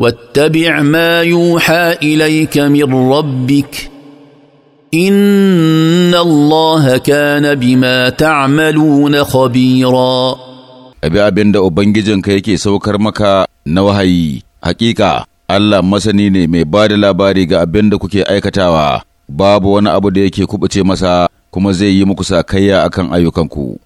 واتبع ما يوحى اليك من ربك ان الله كان بما تعملون خبيرا abi abin da ubangijinka yake saukar maka na wahayi hakika Allah masani ne mai ba da labari ga abin da kuke aikatawa babu wani abu da yake kubuce masa kuma zai yi muku sakayya akan ayyukanku